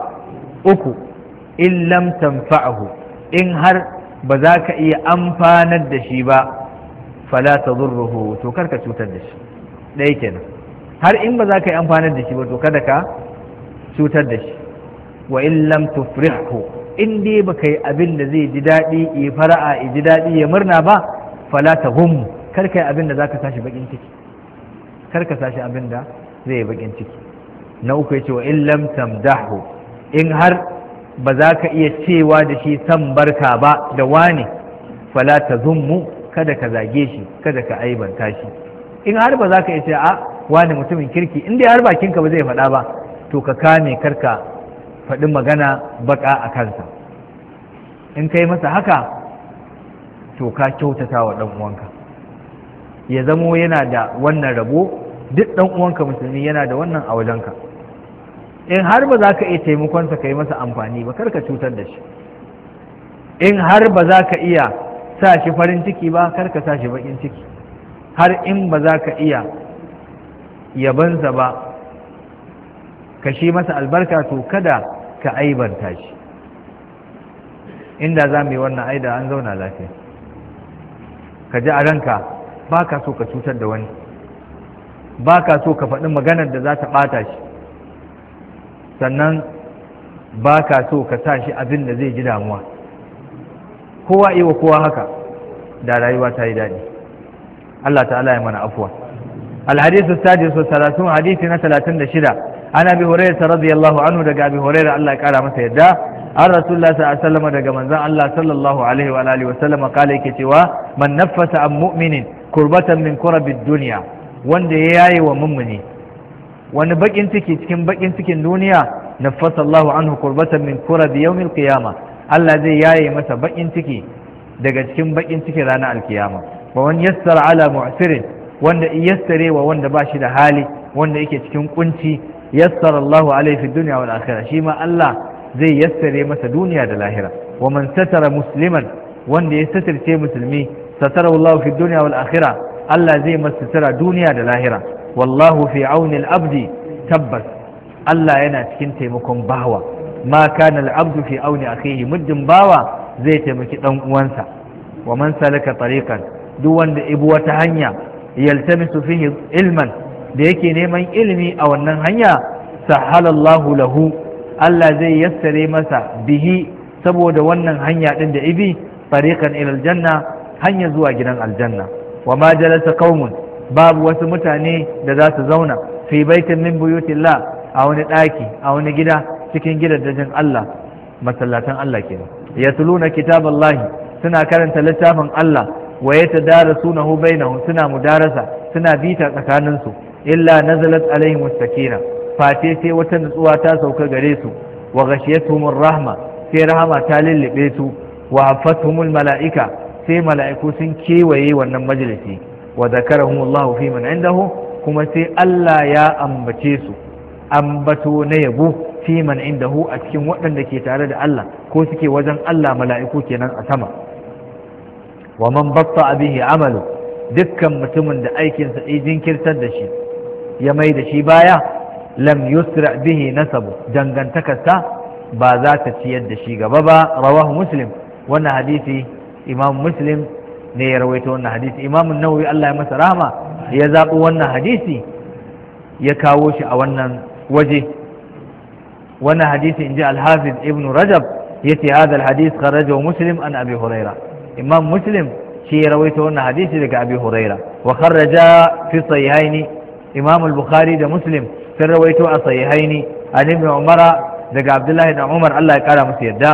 uku in lam tanfa'ahu in har ba za ka iya amfanar da shi ba fala tadurruhu to kar ka cutar da shi ɗaya kenan har in ba za ka yi amfanar da shi ba to kada ka cutar da shi wa in lam tufrihu in dai ba ka yi abin da zai ji daɗi ya fara'a ya ji daɗi ya murna ba fala ta hum karka yi abin da za ka sashi bakin ciki karka sashi abin da zai yi bakin ciki na uku ya wa in lam tamdahu in har ba za ka iya cewa da shi san barka ba da wani fala ta zummu kada ka zage shi kada ka aibanta shi in har ba za ka iya ce a mutumin kirki in dai har bakinka ba zai faɗa ba to ka kame karka faɗi magana baka a kansa in kai masa haka to ka kyautata wa ɗan uwanka ya zamo yana da wannan rabo duk ɗan uwanka musulmi yana da wannan a wajenka in har ba za ka iya taimakonsa ka yi masa amfani ba kar ka cutar da shi in har ba za ka iya sa shi farin ciki ba kar ka sa shi bakin ciki har in ba za ka iya yabansa ba ka shi masa albarka to kada ka aibanta shi inda za mu yi wannan aida an zauna lafiya ka ji a ranka ba ka so ka cutar da wani ba ka so ka faɗi maganar da za ta ɓata shi sannan ba ka so ka sa shi abin da zai ji damuwa kowa iwa kowa haka da rayuwa ta yi daɗi Allah ta'ala ya mana afuwa الحديث السادس والثلاثون حديثنا ثلاثون شدة عن أبي هريرة رضي الله عنه دقى أبي هريرة الله قال مثل يده an rasulullah sallallahu alaihi daga manzan Allah sallallahu alaihi wa alihi wasallam kale yake cewa man naffasa an mu'minin kurbatan min kurabid wanda ya yaye wa mummuni wani bakin ciki cikin bakin cikin duniya naffasa Allahu anhu kurbatan min kurabi yawmil qiyama Allah zai yaye masa bakin ciki daga cikin bakin cikin ranar alkiyama wa wani yassara ala mu'sirin wanda yassare wa wanda ba shi da hali wanda yake cikin kunci yassara Allahu alaihi fi dunya wal akhirah shi ma Allah zai yassare masa duniya da lahira wa man satara musliman wanda ya satirce musulmi satara wallahu fi dunya wal akhirah Allah zai masa satara duniya da lahira wallahu fi auni abdi tabbas Allah yana cikin taimakon bawa ma kana al-abdu fi auni akhihi muddin bawa zai taimaki dan uwansa wa man salaka tariqan duk wanda ibu wata hanya yaltamisu fihi ilman da yake neman ilimi a wannan hanya sahalallahu lahu Allah zai yassare masa bihi saboda wannan hanya ɗin da ibi fariqan ila aljanna hanya zuwa gidan aljanna wa ma jalasa qaumun babu wasu mutane da za su zauna fi baitin min buyutillah a wani ɗaki a wani gida cikin gidan gidajen Allah masallatan Allah kenan yatluna kitaballahi suna karanta littafin Allah wa yatadarasunahu bainahum suna mudarasa suna bita tsakaninsu illa nazalat alaihim sakinah Fate sai wata nutsuwa ta sauka gare su wa ghashiyatuhumur rahma sai rahama ta lullube su wa hafatuhumul mala'ika sai mala'iku sun kewaye wannan majalisi wa zakarahumullahu fi man indahu kuma sai Allah ya ambace su ambato na yabo fi man indahu a cikin waɗanda ke tare da Allah ko suke wajen Allah mala'iku kenan a sama wa man batta bihi amalu dukkan mutumin da aikinsa ya jinkirtar da shi ya mai da shi baya lam yusra bihi nasabu dangantakarsa ba za ta ciyar da shi gaba ba rawahu muslim wannan hadisi imam muslim ne ya rawaito wannan hadisi imam nawawi Allah ya masa rahama ya zaɓi wannan hadisi ya kawo shi a wannan waje wannan hadisi inji al-hafiz ibn rajab yace hadha al-hadith kharajahu muslim an abi huraira imam muslim shi ya rawaito wannan hadisi daga abi huraira wa kharaja imam bukhari da muslim sun rawaito a sahihaini an ibn umara daga abdullahi da umar Allah ya kara musu yadda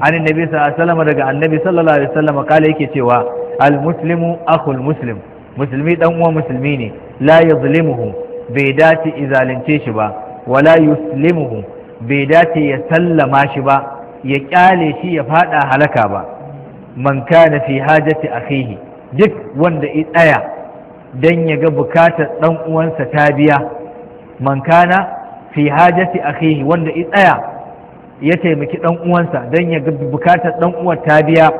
an annabi sallallahu alaihi daga annabi sallallahu alaihi wasallam kala yake cewa al muslimu akhul muslim musulmi dan uwan musulmi ne la yuzlimuhu bai dace izalince shi ba wala yuslimuhu bai dace ya sallama shi ba ya kyale shi ya fada halaka ba man kana fi hajati akhihi duk wanda i tsaya dan ya ga bukatar dan uwansa ta biya man kana fi hajati akhihi wanda i tsaya ya taimaki dan uwansa dan ya ga bukatar dan uwar ta biya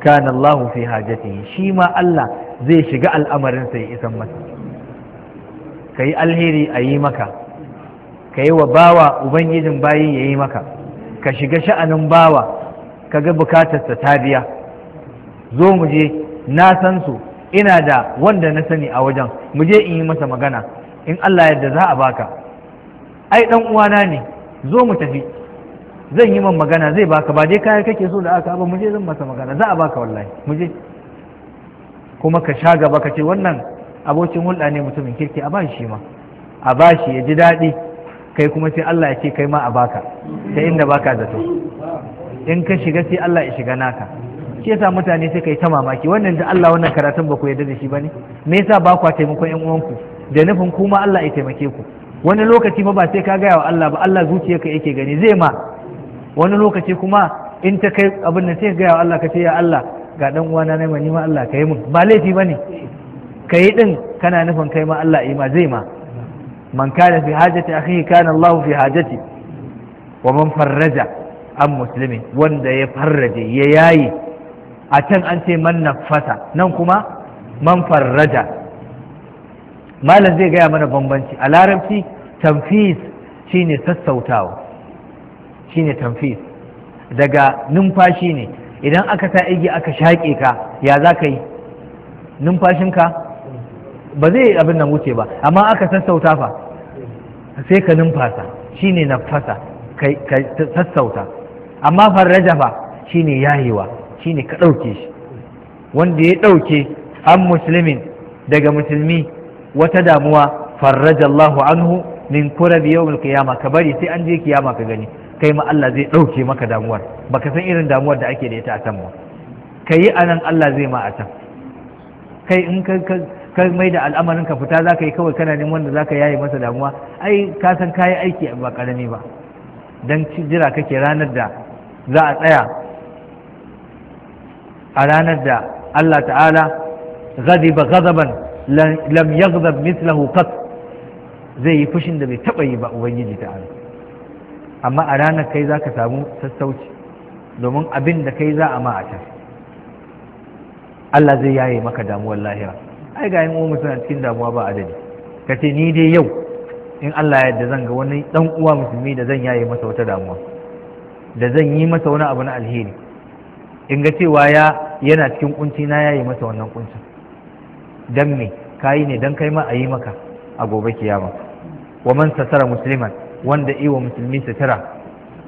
kana Allah fi hajatihi shi ma Allah zai shiga al'amarin sai isan masa kai alheri a yi maka kai wa bawa ubangijin bayi ya yi maka ka shiga sha'anin bawa ka ga bukatarsa ta biya zo mu je na san su ina da wanda na sani a wajen mu je in yi masa magana in Allah yadda za a baka ai dan uwana ne zo mu tafi zan yi man magana zai baka ba dai kaya kake so da aka ba mu je zan masa magana za a baka wallahi mu je kuma ka sha gaba ka ce wannan abokin hulɗa ne mutumin kirki a bashi shi ma a bashi ya ji daɗi kai kuma sai Allah ya ce kai ma a baka ta inda baka zato in ka shiga sai Allah ya shiga naka shi yasa mutane sai kai ta mamaki wannan da Allah wannan karatun ba ku yarda da shi bane me yasa ba ku taimakon ƴan uwanku da nufin kuma Allah ya taimake ku wani lokaci fa ba sai ka gaya wa Allah ba Allah zuciyarka yake gani zai ma wani lokaci kuma in ta kai abin da sai ka gaya wa Allah ka ce ya Allah ga dan uwana na ma Allah ka yi mun ba laifi bane ka yi din kana nufin kai ma Allah ya ma zai ma man kana fi hajati akhi kana Allah fi hajati wa man farraja an muslimin wanda ya farraje ya yayi a can an ce man nafasa nan kuma man farraja malam zai gaya mana bambanci a larabci tamfis shine sassautawa shine tamfis daga numfashi ne idan aka sa igi aka shaƙe ka ya za ka yi numfashinka ba zai abin nan wuce ba amma aka sassauta fa sai ka numfasa shine na fasa ka sassauta amma farraja fa shine yayewa shine ka ɗauke shi wanda ya ɗauke an musulmin daga musulmi wata damuwa farrajallahu anhu min kurabi yawmil qiyama ka bari sai an je kiyama ka gani kai ma Allah zai dauke maka damuwar baka san irin damuwar da ake da ita a can ba kai anan Allah zai ma a can kai in ka ka mai da al'amarin ka fita zaka yi kawai kana neman wanda zaka yayi masa damuwa ai ka san kai aiki ba karami ba dan jira kake ranar da za a tsaya a ranar da Allah ta'ala ghadiba ghadaban lam yaghdab mithlahu qat zai yi fushin da bai taba yi ba ubangiji ta'ala amma a ranar kai zaka samu sassauci domin abin da kai za a ma a can Allah zai yaye maka damuwar lahira ai ga yan uwa suna cikin damuwa ba adadi kace ni dai yau in Allah ya yarda zan ga wani dan uwa musulmi da zan yaye masa wata damuwa da zan yi masa wani abu na alheri in ga cewa ya yana cikin kunci na yaye masa wannan kuncin dan me kayi ne dan kai ma a yi maka a gobe kiyama wa man satara musliman wanda iwa musulmi satara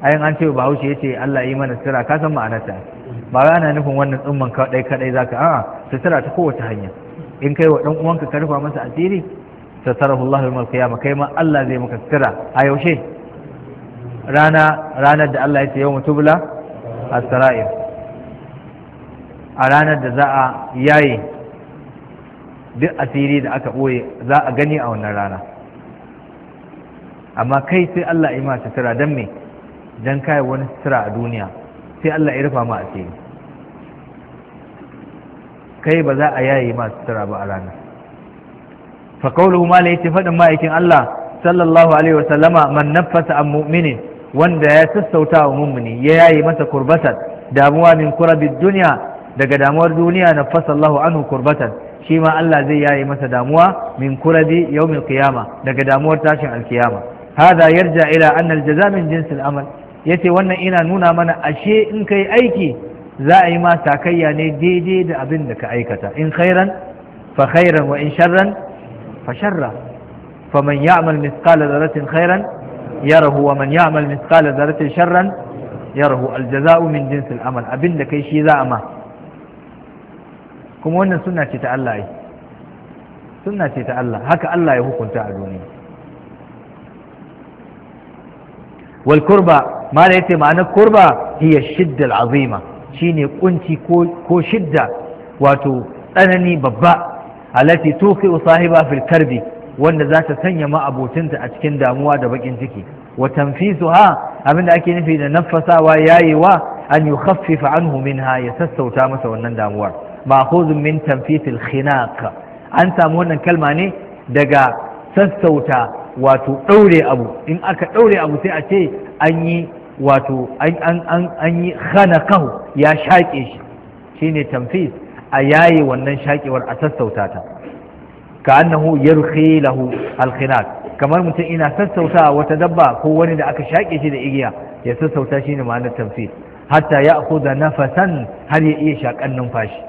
ayin an ce bahaushe yace Allah yi mana satara ka san ma'anarta ba wai ana nufin wannan tsumman dai kadai zaka a'a satara ta kowace hanya in kai wa dan uwanka ka rufa masa asiri satarahu Allah yawmal kiyama kai ma Allah zai maka satara a yaushe rana ranar da Allah yace yawmu tubla as-sara'ir a ranar da za a yaye duk asiri da aka ɓoye za a gani a wannan rana amma kai sai Allah ya ma sutura don me don kai wani sutura a duniya sai Allah ya rufa ma asiri kai ba za a yaye ma sutura ba a rana. fa qawluhu ma la yati faɗin ma'aikin Allah sallallahu alaihi wa man naffasa an mu'minin wanda ya sassauta wa mummuni ya yaye masa kurbatan damuwa min kurabid duniya daga damuwar duniya naffasa Allahu anhu kurbatan shi ma Allah zai yaye masa damuwa min kuradi yawmil qiyama daga damuwar tashin alkiyama hada yarja ila anna aljaza min jins al'amal yace wannan ina nuna mana ashe in kai aiki za a yi ma sakayya ne daidai da abin da ka aikata in khairan fa khairan wa in sharran fa sharra faman ya'mal mithqala dharratin khairan yarahu wa man ya'mal mithqala dharratin sharran yarahu aljaza'u min jins al'amal abin da kai shi za a ma kuma wannan suna ce ta Allah suna ce ta Allah haka Allah ya hukunta a duniya wal kurba ma da yace ma'anar kurba hiya shiddal azima shine kunci ko shidda wato tsanani babba allati tuqi sahiba fil karbi wanda za ta sanya ma'abotinta a cikin damuwa da bakin ciki wa tanfisuha abinda ake nufi da nafasawa yayewa an yukhaffifa anhu minha ya sassauta masa wannan damuwar ma'khuzun min tanfisil khinaq an samu wannan kalma ne daga sassauta wato ɗaure abu in aka ɗaure abu sai a ce an yi hana an ya shaƙe shi shine tanfis a yaye wannan shaƙewar a sassauta ta ka annahu yarkhi lahu alkhinaq kamar mutum ina sassauta wata dabba ko wani da aka shaƙe shi da igiya ya sassauta shine ma'anar tanfis hatta ya na nafasan har ya iya shaƙan numfashi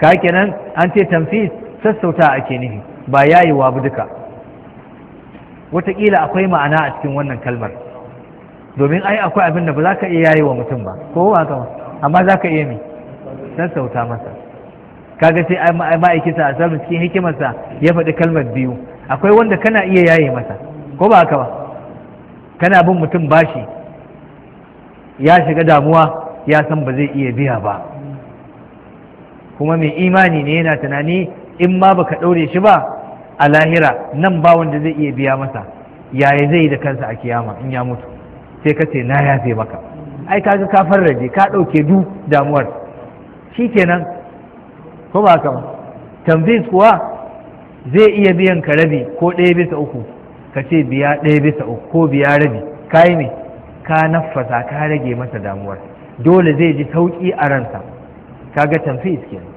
ka kenan an ce tamfi sassauta ake nufi ba ya yi wa duka wataƙila akwai ma'ana a cikin wannan kalmar domin ai akwai abin da ba za ka iya wa mutum ba ko ba ka amma za ka iya mi sassauta masa kaga sai ai ma'aikata a samun cikin hikimarsa ya faɗi kalmar biyu akwai wanda kana iya yayi masa ko ba ka ba kana bin mutum bashi ya shiga damuwa ya san ba zai iya biya ba kuma mai imani ne yana tunani in ma baka ɗaure shi ba a lahira nan ba wanda zai iya biya masa yaya zai yi da kansa a kiyama in ya mutu sai ka ce na yafe maka ai kaga ka farraje ka ɗauke du damuwar shikenan ko ba haka ba tambayis kuwa zai iya biyan ka rabi ko ɗaya bisa uku ka ce biya ɗaya bisa uku ko biya rabi ka yi me ka naffasa ka rage masa damuwar dole zai ji sauƙi a ransa kaga tamfis kenan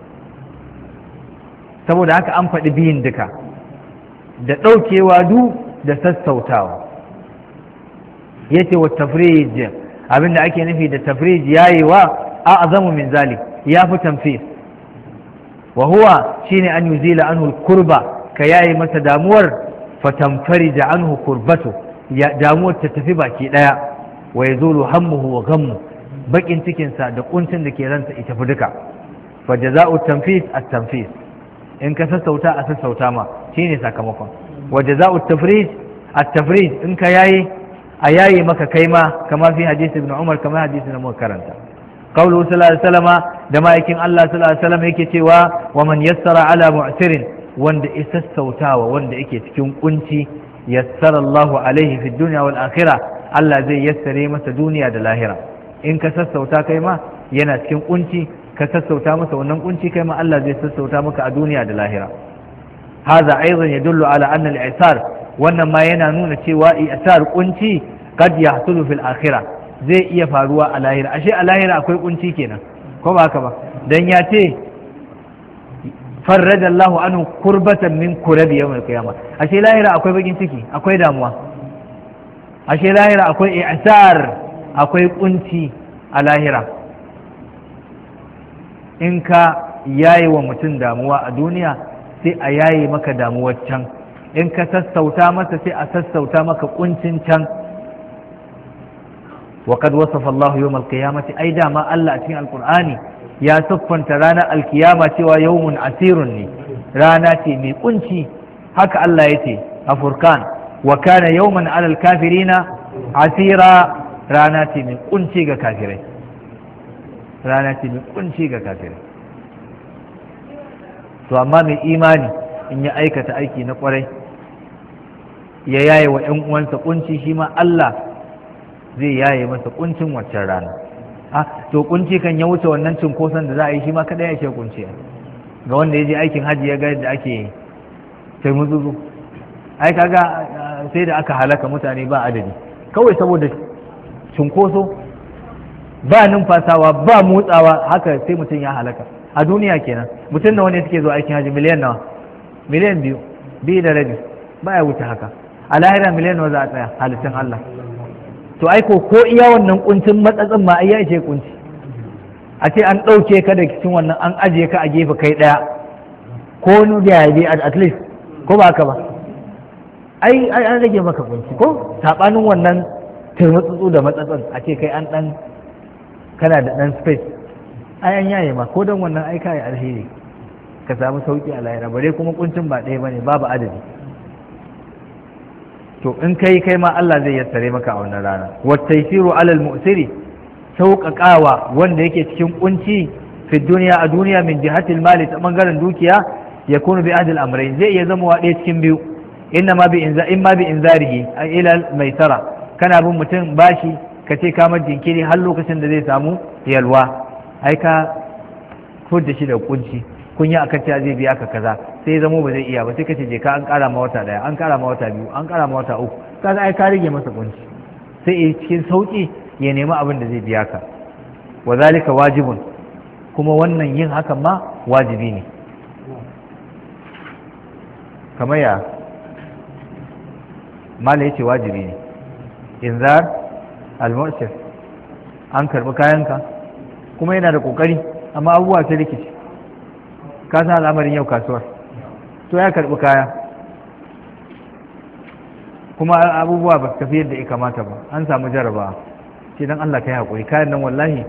saboda haka an faɗi biyun duka da ɗaukewa du da sassautawa ce wa tafrij abinda ake nufi da tafrij yayewa a azamu min zalik ya fi tamfis wa huwa shine an yuzila anhu kurba ka yayi masa damuwar fatamfari da anhu kurbatu damuwar ta tafi baki daya wa zo, hammuhu wa ghammu bakin cikinsa da kuncin da ke ransa ita fi duka fa jaza'u tamfis a tamfis. in ka sassauta a sassauta ma shine sakamakon wa jaza'u tafrij a tafrij in ka yayi a yayi maka kai ma kama fi hadisi ibn Umar kama hadisi na muka karanta qawlu sallallahu alaihi wasallama da ma'aikin Allah sallallahu alaihi wasallam yake cewa wa man yassara ala mu'tirin wanda ya sassautawa wanda yake cikin kunci yassara Allahu alaihi fid dunya wal akhirah Allah zai yassare masa duniya da lahira in ka sassauta kai ma yana cikin kunci ka sassauta masa wannan kunci kai ma Allah zai sassauta maka a duniya da lahira haza aizan yadullu ala anna al-isar wannan ma yana nuna cewa isar kunci kad hasulu fil akhirah zai iya faruwa a lahira ashe a lahira akwai kunci kenan ko ba haka ba dan ya ce farraja Allah anhu kurbatan min kurabi yawm al-qiyamah ashe lahira akwai bakin ciki akwai damuwa ashe lahira akwai isar akwai kunci a lahira in ka yaye wa mutum damuwa a duniya sai a yaye maka damuwar can in ka sassauta masa sai a sassauta maka kuncin can وقد وصف الله يوم القيامة أي دام الله في القرآن يا سفن ترانا القيامة ويوم عسير رانا تيمي قنشي هك الله يتي أفركان وكان يوما على الكافرين عسيرا rana ce mai kunci ga kafirai rana ce mai kunci ga kafirai to amma mai imani in ya aikata aiki na kwarai ya yaye wa 'yan uwansa kunci shi ma Allah zai yaye masa kuncin waccan rana a ah, to kunci kan ya wuce wannan cinkoson da za a yi shi ma kadai ce kunci ga wanda ya je aikin hajji ya ga yadda ake sai muzuzu ai kaga ah, sai da aka halaka mutane ba adadi kawai saboda cunkoso ba numfasawa ba motsawa haka sai mutum ya halaka a duniya kenan mutum na ne suke zuwa aikin haji miliyan nawa miliyan biyu biyu da rabi ba ya wuce haka a lahira miliyan nawa za a tsaya halittun Allah to aiko ko iya wannan kuncin matsatsin ma ai ya ce kunci a ce an ɗauke ka da cikin wannan an ajiye ka a gefe kai ɗaya ko wani da ya at least ko ba haka ba ai an rage maka kunci ko saɓanin wannan kai matsatsu da matsatsan a ce kai an dan kana da dan space ai an yaye ma ko dan wannan aika ya alheri ka samu sauki a lahira bare kuma kuncin ba ɗaya bane babu adadi to in kai kai ma Allah zai yassare maka a wannan rana wa taysiru alal mu'siri sauƙaƙawa wanda yake cikin kunci fi duniya a duniya min jihatil mali ta bangaren dukiya ya kunu bi ahdil zai iya zama ɗaya cikin biyu inna ma bi in ma bi inzarihi ay ila kana bin mutum bashi ka ce kamar jinkiri har lokacin da zai samu yalwa ai ka da shi da kunci kun yi akan cewa zai biya ka kaza sai ya zamo ba zai iya ba sai ka ce je ka an kara ma wata daya an kara ma wata biyu an kara ma wata uku kaga ai ka rage masa kunci sai ya cikin sauki ya nemi abin da zai biya ka wa zalika wajibun kuma wannan yin hakan ma wajibi ne kamar ya mala yace wajibi ne inzar al an karbi kayanka kuma yana da kokari amma abubuwa sai rikici ka san al'amarin yau kasuwar to ya karbi kaya kuma abubuwa ba su tafi yadda ya kamata ba an samu jarabawa Sai dan Allah ka yi hakuri kayan nan wallahi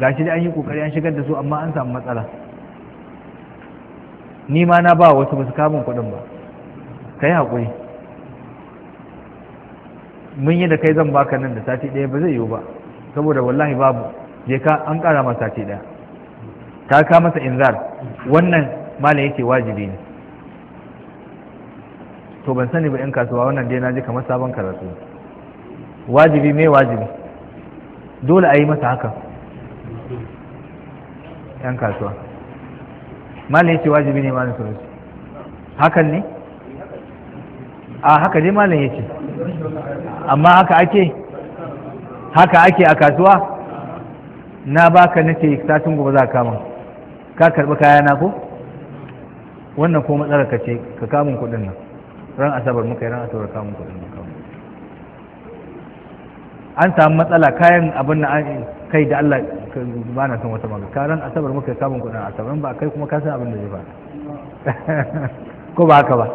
gashi da an yi kokari an shigar da su amma an samu matsala ni ma na ba wasu ba su kamun kuɗin ba Ka yi hakuri mun yi da kai zan baka nan da sati ɗaya ba zai yiwu ba saboda wallahi babu je ka an ƙara masa sati ɗaya ka ka masa inzar wannan mala yake wajibi ne to ban sani ba 'yan kasuwa wannan dai na ji kamar sabon karatu wajibi mai wajibi dole a yi masa haka 'yan kasuwa mala yake wajibi ne malin sauransu hakan ne a haka dai malam yake amma haka ake haka ake a kasuwa na baka nace satin gobe za ka kama ka karbi kaya na ko wannan ko matsalar ka ce ka kamun kudin nan ran asabar muka yi ran asabar kamun kudin nan an samu matsala kayan abin da kai da Allah ba na son wata magana karan asabar muka yi kamun nan asabar ba kai kuma ka san abin da zai faru *laughs* ko ba haka ba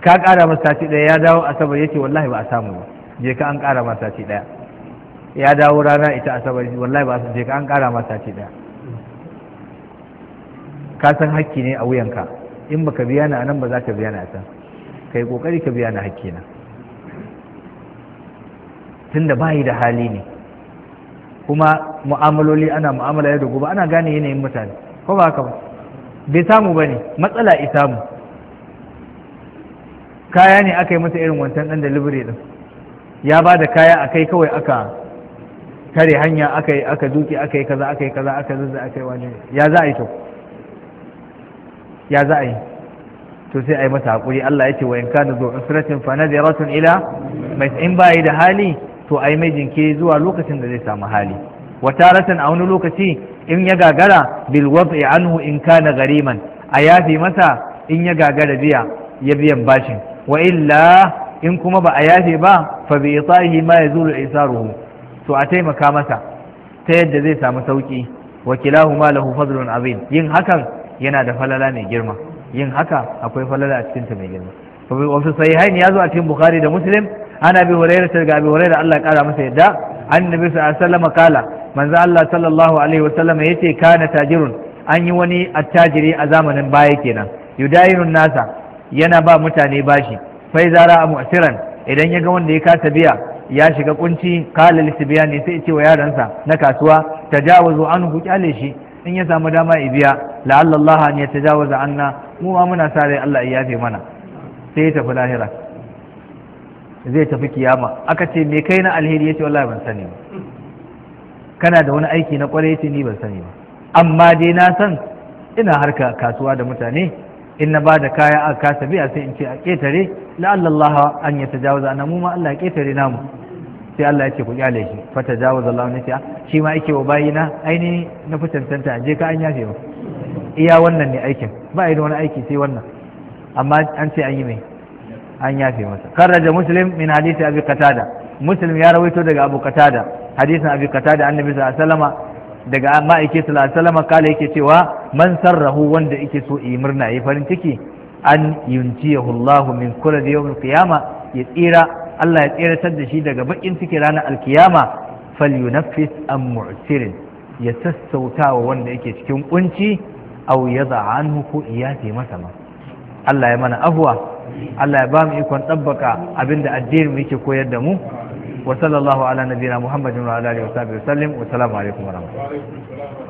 ka ƙara masa sati ɗaya ya dawo asabar yake wallahi ba a samu ba je ka an ƙara masa sati ɗaya ya dawo rana ita asabar wallahi ba je ka an ƙara masa sati ɗaya ka san hakki ne a wuyanka in ba ka biya ni a nan ba za ka biya ni a can Ka yi kokari ka biya ni hakki na Tun da bayi da hali ne kuma mu'amaloli ana mu'amala yau da gobe ana gane yanayin mutane ko ba haka ba bai samu ba ne matsala isamu kaya ne aka yi masa irin wancan ɗan delivery ɗin ya ba da kaya a kai kawai aka kare hanya aka yi aka duki aka yi kaza aka yi kaza aka zazza aka yi wani ya za a yi to ya za a yi to sai a yi masa haƙuri Allah ya ce wa in kana zo usratin fa nadiratun ila mai in ba yi da hali to a yi mai jinke zuwa lokacin da zai samu hali wa taratan a wani lokaci in ya gagara bil ya anhu in kana gariman a yafi masa in ya gagara biya ya biyan bashin wa illa in kuma ba a yafe ba fa bi isahi ma yazulu isaruhu to a taimaka masa ta yadda zai samu sauki wa kilahuma lahu fadlun azim yin hakan yana da falala mai girma yin haka akwai falala a cikin ta mai girma wasu sahihain ya zo a cikin bukhari da muslim ana bi hurairah ta ga bi hurairah Allah ya kara masa yadda annabi sallallahu alaihi wasallam kala manzo Allah sallallahu alaihi wasallam yace kana tajirun an yi wani attajiri a zamanin baya kenan yudayinun nasa yana ba mutane bashi fai zara a mu'asiran idan ya ga wanda ya kasa biya ya shiga kunci kala biya ne sai ce wa yaransa na kasuwa tajawazu ku kyale shi in ya samu dama ya biya la'alla Allah an yatajawaza anna mu ma muna sa rai Allah ya yafe mana sai ya tafi lahira zai tafi kiyama aka ce me kai na alheri yace wallahi ban sani ba kana da wani aiki na kwarai yace ni ban sani ba amma dai na san ina harka kasuwa da mutane in na ba da kaya a kasa biya sai in ce a ƙetare la'allallaha an ya tajawaza a mu ma Allah ya ƙetare namu sai Allah ya ce ku kyale shi fa tajawaza Allah ne ce shi ma yake wa bayina aini na fi cancanta an je ka an yafe ba iya wannan ne aikin ba yi wani aiki sai wannan amma an ce an yi mai an yafe masa karraja muslim min hadisi abi qatada muslim ya rawaito daga abu qatada hadisin abi qatada annabi sallallahu alaihi daga ma'aike salama kala yake cewa man sarrahu wanda yake so yi murna yi farin ciki an ya Allah min kula da yawon kiyama ya tsira Allah ya tseratar da shi daga bakin ciki ranar alkiyama falyunaffis an mu'sirin ya sassautawa wanda yake cikin kunci aw hannu ko iyafe masa ma Allah ya mana afwa Allah ya ba mu ikon tsabbaka abinda addinin mu yake koyar da mu wa ala nabiyina muhammadin wa ala alihi wa sahbihi wa wa assalamu alaikum wa rahmatullahi